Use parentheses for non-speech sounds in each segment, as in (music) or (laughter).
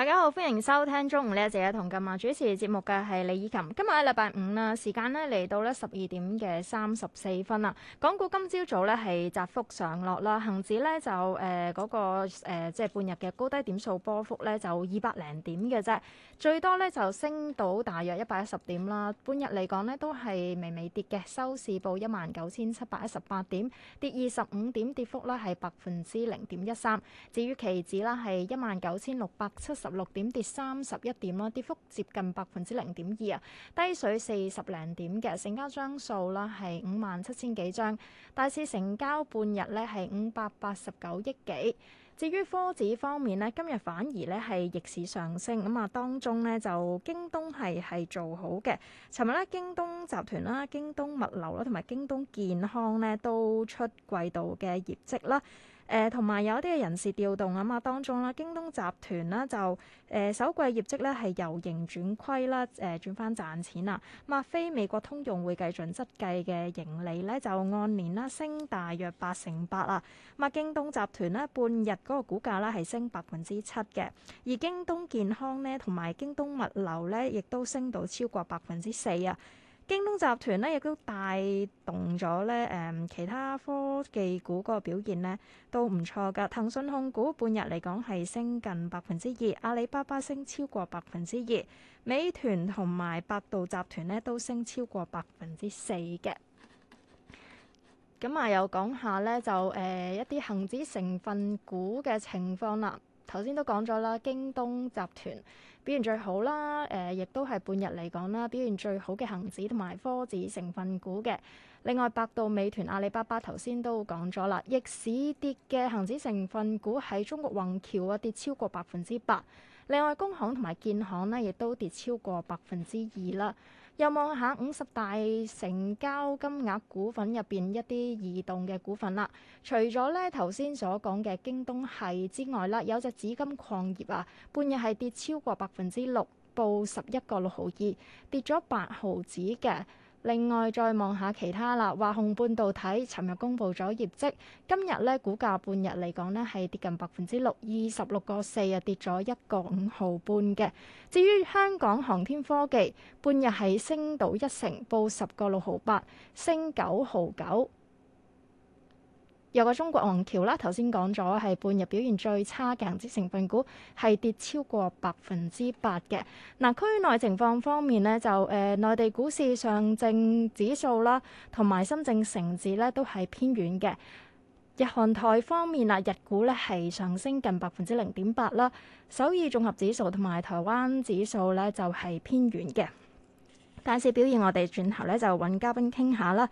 大家好，歡迎收聽中午呢一節嘅《同今》，主持節目嘅係李以琴。今日係禮拜五啦，時間呢嚟到呢十二點嘅三十四分啦。港股今朝早，早呢係窄幅上落啦，恒指呢就誒嗰、呃嗰個誒、呃、即係半日嘅高低點數波幅呢就二百零點嘅啫，最多呢就升到大約一百一十點啦。半日嚟講呢都係微微跌嘅，收市報一萬九千七百一十八點，跌二十五點，跌幅呢係百分之零點一三。13, 至於期指啦，係一萬九千六百七十。六點跌三十一點啦，跌幅接近百分之零點二啊，低水四十零點嘅成交張數啦係五萬七千幾張，大市成交半日呢係五百八十九億幾。至於科指方面呢，今日反而呢係逆市上升，咁啊當中呢，就京東係係做好嘅。尋日呢，京東集團啦、京東物流啦同埋京東健康呢都出季度嘅業績啦。誒同埋有啲嘅人士調動啊嘛，當中啦，京東集團啦就誒、呃、首季業績咧係由盈轉虧啦，誒、呃、轉翻賺錢啦。嘛，非美國通用會計準則計嘅盈利咧就按年啦升大約八成八啊。咁京東集團咧半日嗰個股價啦係升百分之七嘅，而京東健康咧同埋京東物流咧亦都升到超過百分之四啊。京東集團咧，亦都帶動咗咧誒其他科技股嗰個表現咧，都唔錯㗎。騰訊控股半日嚟講係升近百分之二，阿里巴巴升超過百分之二，美團同埋百度集團咧都升超過百分之四嘅。咁啊，又講下咧就誒、呃、一啲恒指成分股嘅情況啦。頭先都講咗啦，京東集團表現最好啦，誒、呃，亦都係半日嚟講啦，表現最好嘅恒指同埋科指成分股嘅。另外，百度、美團、阿里巴巴頭先都講咗啦，逆市跌嘅恒指成分股喺中國宏橋啊，跌超過百分之八。另外，工行同埋建行呢亦都跌超過百分之二啦。又望下五十大成交金額股份入邊一啲移動嘅股份啦，除咗呢頭先所講嘅京東系之外啦，有隻紫金礦業啊，半日係跌超過百分之六，報十一個六毫二，跌咗八毫子嘅。另外再望下其他啦，華虹半導體尋日公布咗業績，今日咧股價半日嚟講咧，係跌近百分之六，二十六個四，日跌咗一個五毫半嘅。至於香港航天科技，半日係升到一成，報十個六毫八，升九毫九。有個中國宏橋啦，頭先講咗係半日表現最差嘅恒指成分股係跌超過百分之八嘅。嗱，區、呃、內情況方面呢，就誒內、呃、地股市上證指數啦，同埋深證成指呢都係偏軟嘅。日韓台方面啦，日股呢係上升近百分之零點八啦，首爾綜合指數同埋台灣指數呢就係、是、偏軟嘅。大市表現我，我哋轉頭呢，就揾嘉賓傾下啦。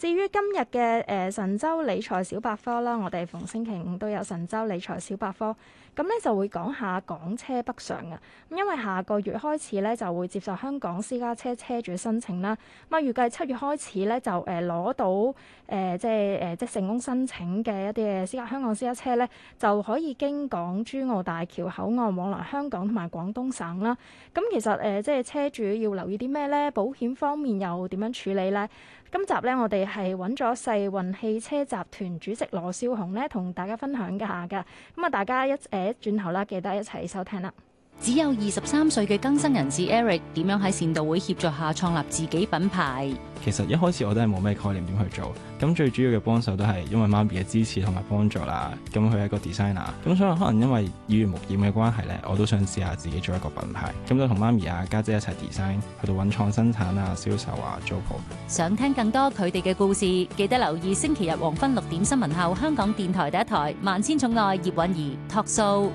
至於今日嘅誒神州理財小百科啦，我哋逢星期五都有神州理財小百科。咁咧、嗯、就會講下港車北上嘅，咁因為下個月開始咧就會接受香港私家車車主申請啦。咁啊，預計七月開始咧就誒攞到誒即係誒即係成功申請嘅一啲嘅私家香港私家車咧，就可以經港珠澳大橋口岸往來香港同埋廣東省啦。咁、嗯、其實誒、呃、即係車主要留意啲咩咧？保險方面又點樣處理咧？今集咧我哋係揾咗世運汽車集團主席羅少雄咧，同大家分享一下嘅。咁、嗯、啊，大家一誒。呃誒，轉頭啦，記得一齊收聽啦。只有二十三歲嘅更生人士 Eric 點樣喺善導會協助下創立自己品牌？其實一開始我都係冇咩概念點去做，咁最主要嘅幫手都係因為媽咪嘅支持同埋幫助啦。咁佢係一個 designer，咁所以可能因為耳濡目染嘅關係呢，我都想試下自己做一個品牌。咁就同媽咪啊家姐一齊 design，去到揾廠生產啊、銷售啊、租鋪。想聽更多佢哋嘅故事，記得留意星期日黃昏六點新聞後，香港電台第一台《萬千寵愛》葉韻儀托數。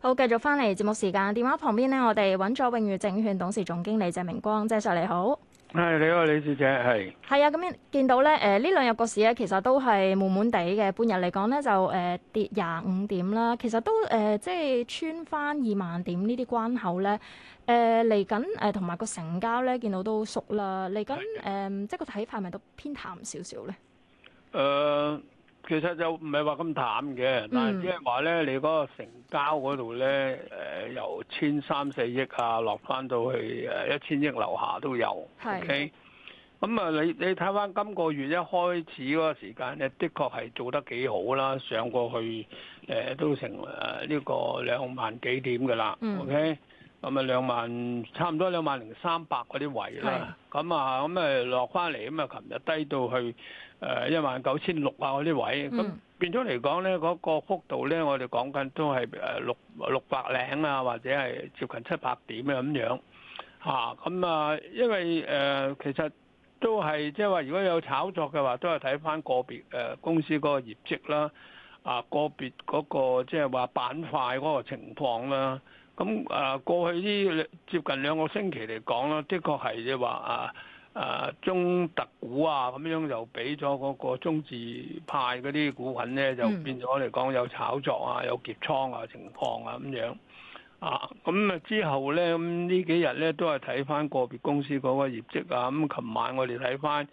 好，繼續翻嚟節目時間，電話旁邊呢，我哋揾咗永裕證券董事總經理謝明光，謝 sir 你好。係，你好李小姐。係。係啊，咁見到咧，誒、呃、呢兩日個市咧，其實都係悶悶地嘅，半日嚟講咧就誒、呃、跌廿五點啦，其實都誒、呃、即係穿翻二萬點呢啲關口咧，誒嚟緊誒同埋個成交咧見到都熟啦，嚟緊誒即係個睇法係咪都偏淡少少咧？誒、呃。其實就唔係話咁淡嘅，但係只係話咧，你嗰個成交嗰度咧，誒、呃、由千三四億啊，落翻到去誒一千億樓下都有是，OK。咁啊，你你睇翻今個月一開始嗰個時間咧，你的確係做得幾好啦，上過去誒、呃、都成誒呢、呃這個兩萬幾點嘅啦、嗯、，OK。咁啊，兩萬差唔多兩萬零三百嗰啲位啦，咁啊是，咁啊落翻嚟，咁啊，琴日低到去誒一萬九千六啊嗰啲位，咁、嗯、變咗嚟講咧，嗰、嗰個幅度咧，我哋講緊都係誒六六百零啊，或者係接近七百點啊。咁樣嚇，咁啊，因為誒、呃、其實都係即係話如果有炒作嘅話，都係睇翻個別誒、呃、公司嗰個業績啦，啊個別嗰、嗰個即係話板塊嗰個情況啦。咁啊，過去呢接近兩個星期嚟講啦，的確係即係話啊啊，中特股啊咁樣就俾咗嗰個中字派嗰啲股份咧，就變咗嚟講有炒作啊、有劫倉啊情況啊咁樣啊。咁啊之後咧，咁呢幾日咧都係睇翻個別公司嗰個業績啊。咁琴晚我哋睇翻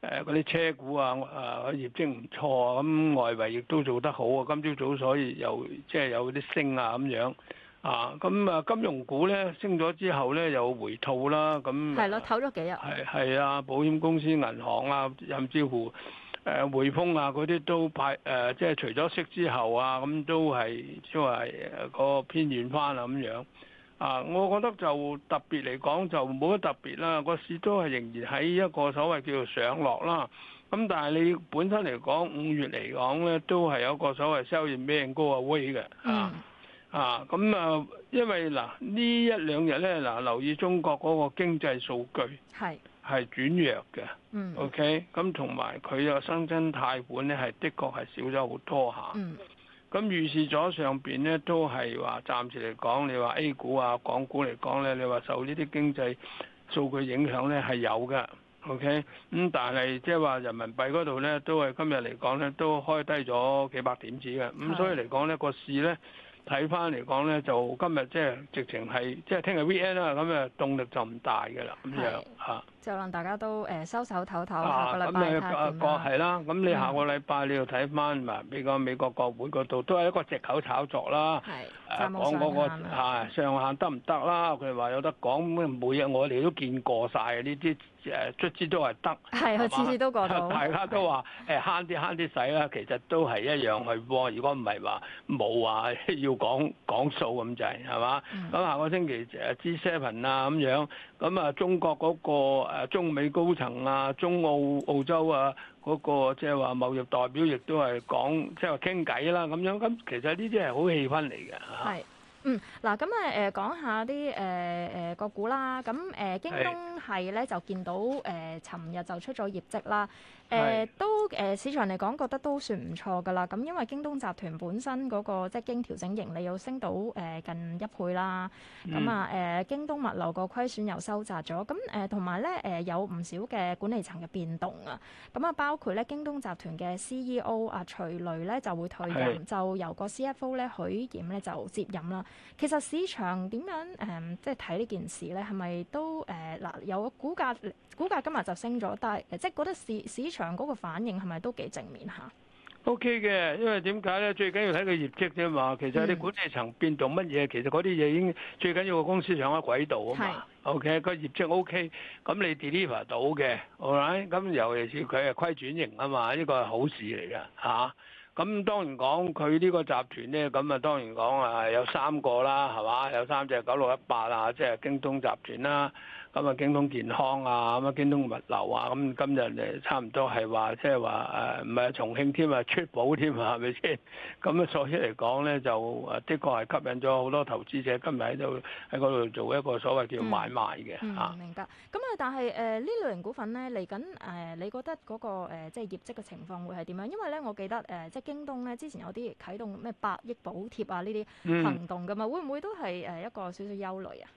誒嗰啲車股啊，啊業績唔錯啊。咁外圍亦都做得好啊。今朝早所以又即係有啲升啊咁樣。啊，咁啊，金融股咧升咗之後咧又回吐啦，咁係咯，唞咗幾日，係係啊，保險公司、銀行啊，甚至乎誒匯豐啊嗰啲都派誒、呃，即係除咗息之後啊，咁都係即係話個偏軟翻啊咁樣。啊，我覺得就特別嚟講就冇乜特別啦，個市都係仍然喺一個所謂叫做上落啦。咁、啊、但係你本身嚟講，五月嚟講咧都係有個所謂 sell in May and go away 嘅啊。嗯啊，咁、嗯、啊，因為嗱呢一兩日咧，嗱留意中國嗰個經濟數據係係轉弱嘅，是 okay? 嗯，OK，咁同埋佢又新增貸款咧係的確係少咗好多下、嗯嗯，嗯，咁預示咗上邊咧都係話暫時嚟講，你話 A 股啊、港股嚟講咧，你話受呢啲經濟數據影響咧係有㗎，OK，咁、嗯、但係即係話人民幣嗰度咧都係今日嚟講咧都開低咗幾百點子嘅，咁、嗯、是所以嚟講呢個市咧。呢呢睇翻嚟講咧，就今日即係直情係，即係聽日 V N 啦，咁啊動力就唔大㗎啦，咁樣吓。就令大家都誒收手唞唞，下個禮拜睇下係啦，咁你下個禮拜你要睇翻，咪比如美國國會嗰度都係一個藉口炒作啦。係。講嗰個啊上限得唔得啦？佢話有得講，每日我哋都見過曬呢啲誒卒之都係得。係，次次都過到。大家都話誒慳啲慳啲使啦，其實都係一樣嘅。如果唔係話冇話要講講數咁滯係嘛？咁下個星期誒 G Seven 啊咁樣。咁啊，中國嗰個中美高層啊，中澳澳洲啊，嗰個即係話貿易代表，亦都係講即係話傾偈啦，咁樣咁，其實呢啲係好氣氛嚟嘅嚇。嗯，嗱咁啊誒講下啲誒誒個股啦，咁、呃、誒京東係咧就見到誒尋日就出咗業績啦，誒是、呃、都誒、呃、市場嚟講覺得都算唔錯㗎啦。咁因為京東集團本身嗰、那個即係經調整盈利又升到誒、呃、近一倍啦，咁啊誒京東物流個虧損又收窄咗，咁誒同埋咧誒有唔、呃、少嘅管理層嘅變動啊，咁啊包括咧京東集團嘅 CEO 啊徐雷咧就會退任，是就由個 CFO 咧許炎咧就接任啦。其實市場點樣誒、嗯，即係睇呢件事咧，係咪都誒嗱、呃、有個股價股價今日就升咗，但係即係覺得市市場嗰個反應係咪都幾正面嚇？O K 嘅，因為點解咧？最緊要睇佢業績啫嘛。其實啲管理層變動乜嘢，嗯、其實嗰啲嘢已經最緊要個公司上咗軌道啊嘛。O K，個業績 O K，咁你 deliver 到嘅，好唔好？咁尤其是佢係虧轉盈啊嘛，呢個係好事嚟㗎嚇。啊。咁當然講佢呢個集團呢，咁啊當然講啊有三個啦，係嘛？有三隻九六一八啊，即係京東集團啦。咁啊，京東健康啊，咁啊，京東物流啊，咁今日誒差唔多係話，即係話誒唔係重慶添啊，出保添啊，係咪先？咁啊，所以嚟講咧，就誒的確係吸引咗好多投資者今日喺度喺嗰度做一個所謂叫買賣嘅吓、嗯嗯。明白。咁啊，但係誒呢類型股份咧嚟緊誒，你覺得嗰、那個即係、呃就是、業績嘅情況會係點樣？因為咧，我記得誒即係京東咧之前有啲啟動咩百億補貼啊呢啲行動噶嘛，嗯、會唔會都係誒一個少少憂慮啊？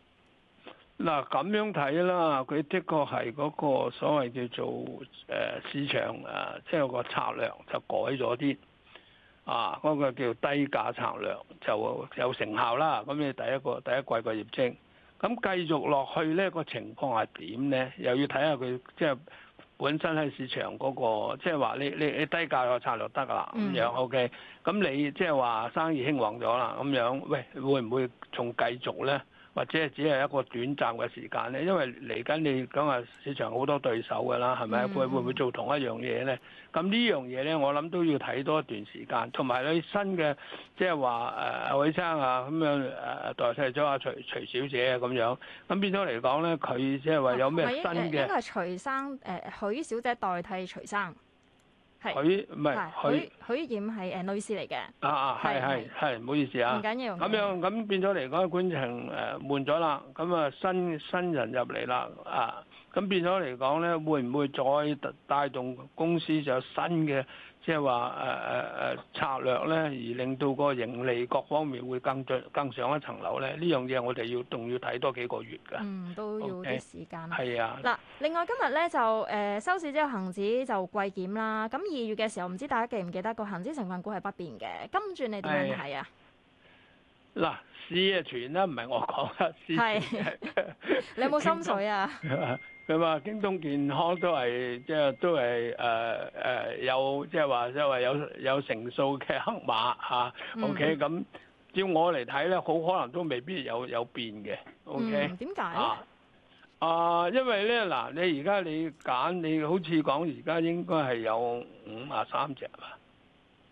嗱咁樣睇啦，佢的確係嗰個所謂叫做誒市場啊，即係個策略就改咗啲啊，嗰個叫低價策略就有成效啦。咁你第一個第一季個業績，咁繼續落去呢個情況係點呢？又要睇下佢即係本身喺市場嗰個即係話你你你低價個策略得啊咁樣 OK。咁你即係話生意興旺咗啦咁樣，喂會唔會仲繼續呢？或者係只係一個短暫嘅時間咧，因為嚟緊你講話市場好多對手㗎啦，係咪、嗯、會會唔會做同一樣嘢咧？咁呢樣嘢咧，我諗都要睇多一段時間。同埋你新嘅即係話誒，阿、就、偉、是呃、生啊咁樣誒代替咗阿徐徐小姐啊咁樣，咁變咗嚟講咧，佢即係話有咩新嘅？應該係徐生誒、呃，許小姐代替徐生。佢唔係，許許艷係誒女士嚟嘅。啊啊，係係係，唔好意思啊。唔緊要。咁樣咁變咗嚟講，管程誒換咗啦。咁啊，新新人入嚟啦。啊，咁變咗嚟講咧，會唔會再帶動公司就有新嘅？即係話誒誒誒策略咧，而令到個盈利各方面會更進更上一層樓咧，呢樣嘢我哋要仲要睇多幾個月㗎。嗯，都要啲時間。係啊。嗱，另外今日咧就誒、呃、收市之後，恆指就貴檢啦。咁二月嘅時候，唔知大家記唔記得個恆指成分股係不變嘅。跟住你點樣睇啊？嗱，市就傳啦，唔係我講啊。係。 (laughs) (laughs) 你有冇心水啊？ (laughs) (laughs) 咁啊，京東健康都係即係都係誒誒有即係話即係話有有成數嘅黑馬嚇，O K 咁，照、啊嗯 okay, 我嚟睇咧，好可能都未必有有變嘅，O K 點解啊，啊，因為咧嗱，你而家你揀，你好似講而家應該係有五啊三隻嘛，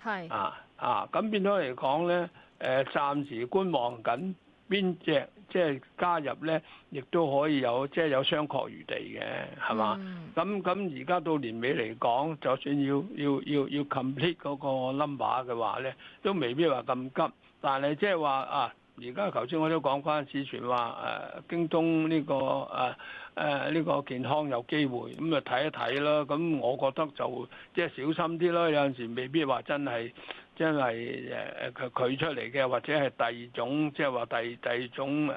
係啊啊，咁變咗嚟講咧，誒暫時觀望緊邊隻？即係加入咧，亦都可以有，即係有商榷餘地嘅，係嘛？咁咁而家到年尾嚟講，就算要要要要 complete 嗰個 number 嘅話咧，都未必話咁急。但係即係話啊，而家頭先我都講翻市傳話誒，京東呢個誒誒呢個健康有機會，咁啊睇一睇咯。咁我覺得就即係小心啲咯，有陣時未必話真係。因為誒誒佢出嚟嘅，或者係第二種，即係話第第二種誒誒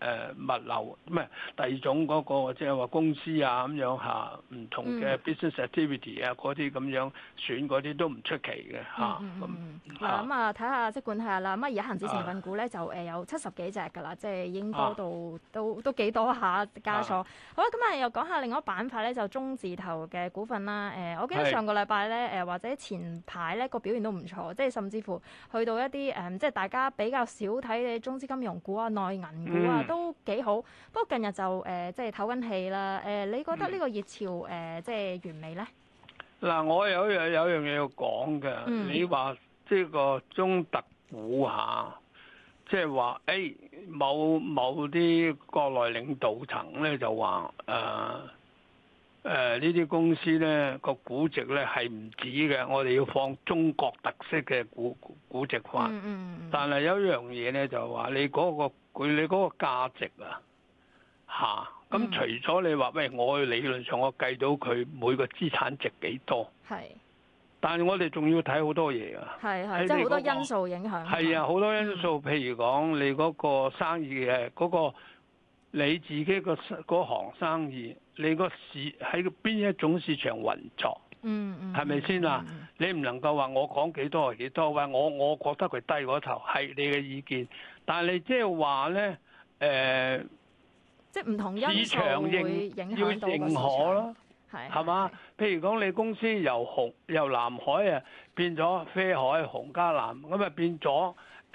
誒物流，唔係第二種嗰、嗰個，即係話公司啊咁樣嚇，唔、啊、同嘅 business activity 啊嗰啲咁樣選嗰啲都唔出奇嘅嚇。咁啊咁啊，睇下、嗯嗯嗯嗯嗯嗯、即管睇下啦。咁啊而家恆指成分股咧、啊、就誒有七十幾隻㗎啦，即係已經多到、啊、都都，都幾多下加咗。啊、好啦，咁啊又講下另一個板塊咧，就中字頭嘅股份啦。誒、呃，我記得上個禮拜咧誒或者前排咧個表現都唔錯。即係甚至乎去到一啲誒，即係大家比較少睇嘅中資金融股啊、內銀股啊，都幾好。不過近日就誒，即係唞緊氣啦。誒，你覺得呢個熱潮誒，即係完未咧？嗱，我有樣有樣嘢要講嘅。你話即係個中特股吓，即係話誒，某某啲國內領導層咧就話誒。誒呢啲公司咧，個估值咧係唔止嘅，我哋要放中國特色嘅估估值翻。嗯、mm hmm. 但係有一樣嘢咧就係話你嗰、那個佢你嗰個價值啊嚇，咁、啊嗯、除咗你話喂，我理論上我計到佢每個資產值幾多？係是。但係我哋仲要睇好多嘢啊。係係是，那個、即係好多因素影響。係啊，好、嗯、多因素，譬如講你嗰個生意誒嗰、那個。那個你自己個行生意，你個市喺邊一種市場運作，嗯嗯，係咪先啦？吧嗯嗯、你唔能夠話我講幾多係幾多，或我我覺得佢低嗰頭係你嘅意見，但係你呢、呃、即係話咧，誒，即係唔同一個會影響到個市場，係係嘛？譬如講你公司由紅由藍海啊變咗啡海、紅加藍，咁啊變咗。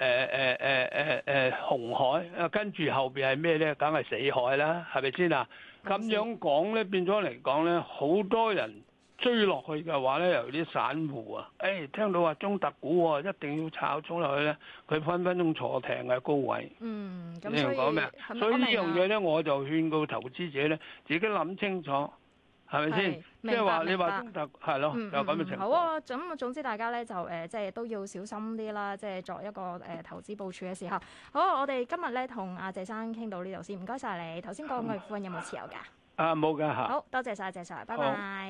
誒誒誒誒誒紅海，跟住後邊係咩咧？梗係死海啦，係咪先啊？咁、嗯、樣講咧，變咗嚟講咧，好多人追落去嘅話咧，有啲散戶啊，誒、欸、聽到話中特股喎、啊，一定要炒衝落去咧，佢分分鐘坐艇喺高位。嗯，咁所以你、嗯、所以，所以樣呢樣嘢咧，嗯、我就勸告投資者咧，自己諗清楚。係咪先？即係話你話通達係咯，就咁嘅情況、嗯嗯。好啊，咁總，總之大家咧就誒、呃，即係都要小心啲啦。即係作一個誒、呃、投資部署嘅時候。好、啊，我哋今日咧同阿謝生傾到呢度先。唔該晒你，頭先講嘅股份有冇持有噶？啊，冇噶吓。嗯、好多謝晒，謝 Sir，拜拜。